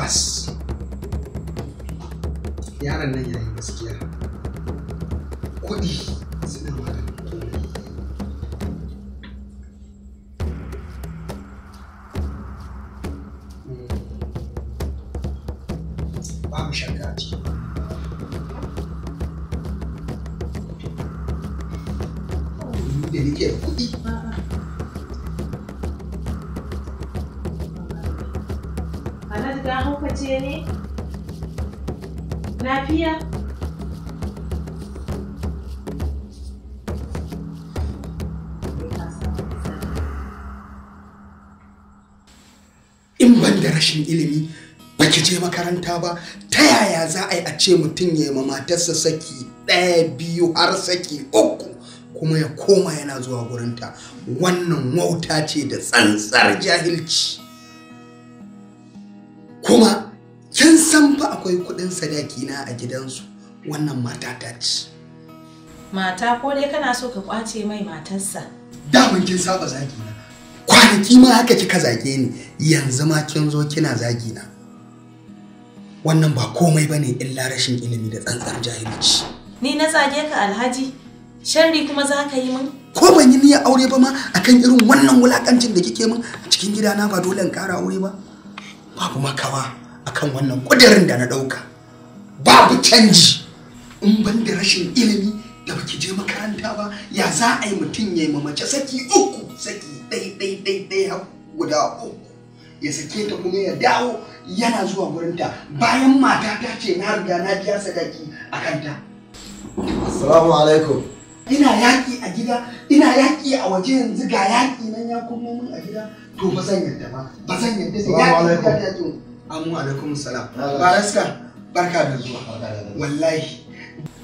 tabbas yaron nan yayi gaskiya kuɗi suna magana hmm. babu shakka a ciki da nake da kuɗi ne lafiya in ban da rashin ilimi baki je makaranta ba ta yaya za a yi a ce mutum ya yi matarsa saki ɗaya biyu har saki uku kuma ya koma yana zuwa gurinta wannan wauta ce da tsantsar jahilci kuma kin san fa akwai kuɗin sadaki na a gidansu wannan mata ta ci mata ko dai kana so ka kwace mai matarsa daman kin saba zagi na kwanaki ma haka kika zage ni yanzu ma kin zo kina zagi na wannan ba komai bane illa rashin ilimi da tsantsar jahilci ni na zage ka alhaji sharri kuma za ka yi min ko ban yi niyyar aure ba ma akan irin wannan wulakancin da kike min a cikin gidana ba dole in kara aure ba babu makawa akan wannan kudirin da na ɗauka babu canji in ban da rashin ilimi da baki je makaranta ba ya za a yi mutum ya yi mamace saki uku saki ɗai ɗai ɗai ɗai guda uku ya sake ta kuma ya dawo yana zuwa ta bayan mata ta ce na riga na biya sadaki a kanta. Assalamu alaikum. ina yaƙi a gida ina yaƙi a waje yanzu ga yaƙi nan ya kuma mun a gida to ba zan yarda ba ba zan yarda sai yaƙi da to amu alaikum salam baraska barka da zuwa wallahi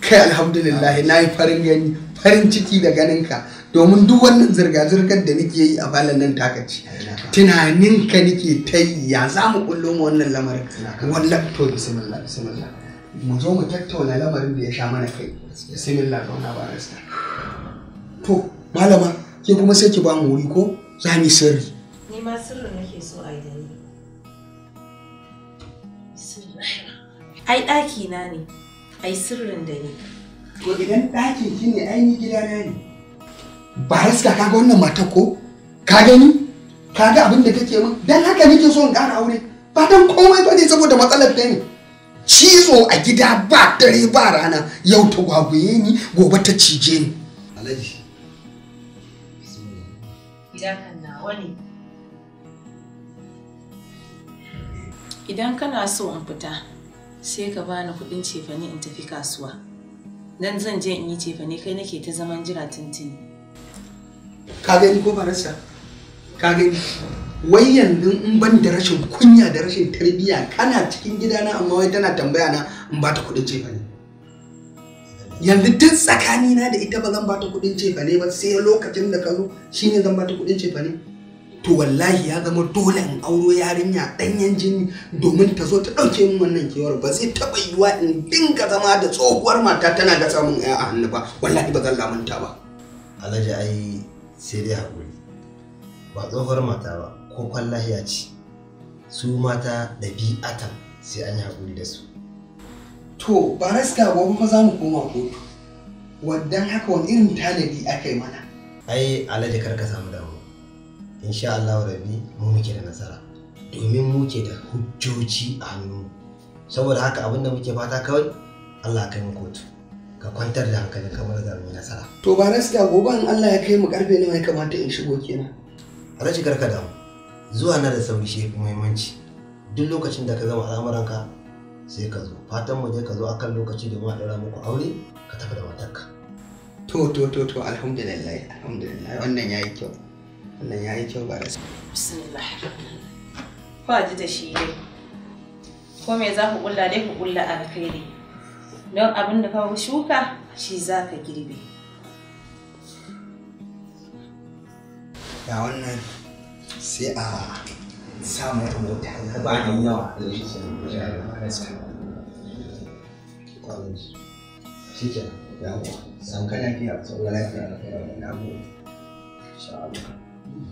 kai alhamdulillah na yi farin gani farin ciki da ganin ka domin duk wannan zirga-zirgar da nake yi a falon nan taka ce tunaninka nake ta yi ya za mu kullo mu wannan lamarin wannan to bismillah bismillah mu zo mu tattauna lamarin da ya sha mana kai bismillah ga wani barista To, malama, ke kuma sai ki ba mu wuri ko za mu sirri. Ni ma sirri nake so a yi da Ai ɗaki na ne, ai sirrin da ni. To idan ɗakin ki ne ai ni gida na ne. Ba raska ka ga wannan mata ko? Ka gani? Ka ga abin da kake mun Dan haka nake so in ƙara aure. Ba dan komai ba ne saboda matsalar da ne. Cizo a gida ba dare ba rana yau ta gwagwaye ni gobe ta cije ni. Alhaji Idan nawa idan kana so in fita sai ka bani kudin cefane in tafi kasuwa dan zan je in yi cefane kai nake ta zaman jira tintini ka gani ko barasa ka gani wai yanzu in ban da rashin kunya da rashin tarbiyya kana cikin gidana amma wai tana tambaya na in ba ta kudin cefane yanzu duk tsakani na da ita ba zan bata kudin cefa ne ba sai lokacin da ka zo shine zan bata kudin cefa ne to wallahi ya zama dole in auro yarinya danyen jini domin ta zo ta dauke min wannan kewar ba zai taba yiwa in dinga zama da tsohuwar mata tana da samun ya a hannu ba wallahi ba zan lamunta ba alhaji ai sai dai hakuri ba tsohuwar mata ba ko kwallahiya ce su mata da bi'atan sai an yi hakuri da su to ba raska gobe fa za mu koma kotu wadda haka wani irin talibi aka yi mana ai alhaji kar ka samu damu insha Allah rabbi mu muke da nasara domin mu da hujjoji a hannu saboda haka abin da muke fata kawai Allah kai mu kotu ka kwantar da hankalin kamar da mu nasara to ba raska gobe in Allah ya kai mu karfe ne mai kamata in shigo kenan alhaji karka damu zuwa na da sauri shi muhimmanci duk lokacin da ka gama al'amuranka sai ka zo fatan mu je ka zo akan lokaci da ma ɗora muku aure ka tafi da matarka to to to to alhamdulillah alhamdulillah wannan yayi kyau wannan yayi kyau ba da bismillah ba ji da shi dai ko me za ku ƙulla dai ku ƙulla alkhairi don abin da ka shuka shi za ka girbe Ya wannan sai a samun mota ya ba yawa da shi ke shi ke ya san na kai